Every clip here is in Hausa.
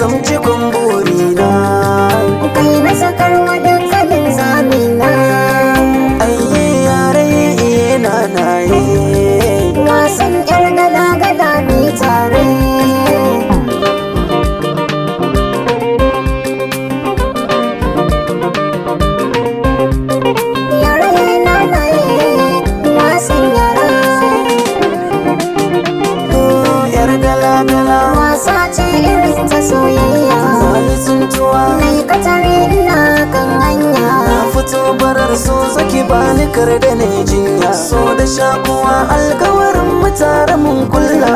zamci kumburina kai na sakarwa kowa katare ina kan hanya na fito barar so saki bani kar da ne jinya so da shakuwa alkawarin mutare tare mun kulla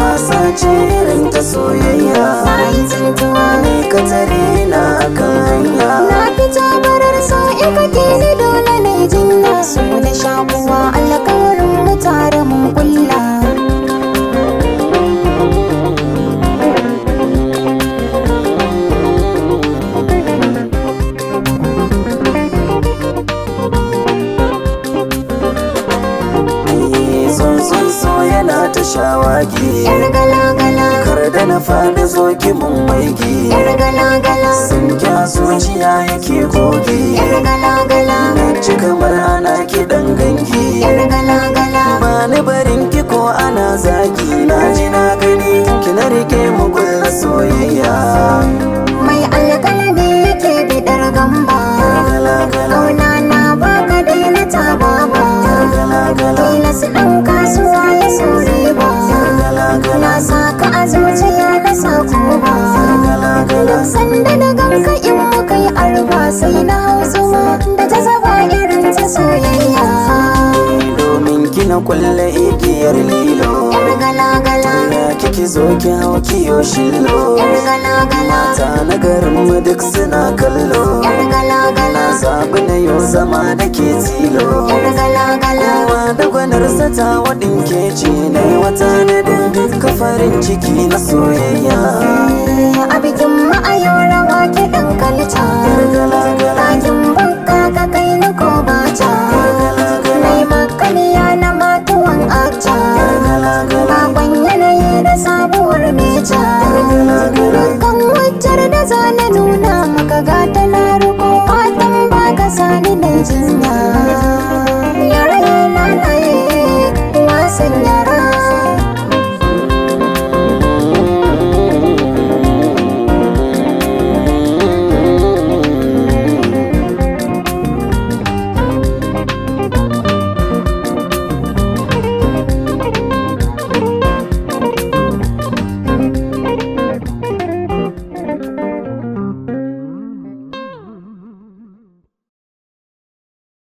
wasa ce irin ta soyayya ne katare na kan hanya na fito barar so ikata na ta shawagi kar da na fada zo ki mun maigi sun kya zuciya yake kogi na ci kamar ana kiɗan gangi sai na hausa zuma da zaba irin ta soyayya domin kina kulle igiyar lilo yar galagala. ya kiki zo ki hau kiyo shillo yar gala-gala na garin mu duk suna kallo yar galagala. gala zaɓi na yau zama da ke tilo yar gala-gala da gwanarsa ta waɗin keci na wata na dindin kafarin ciki na soyayya eh,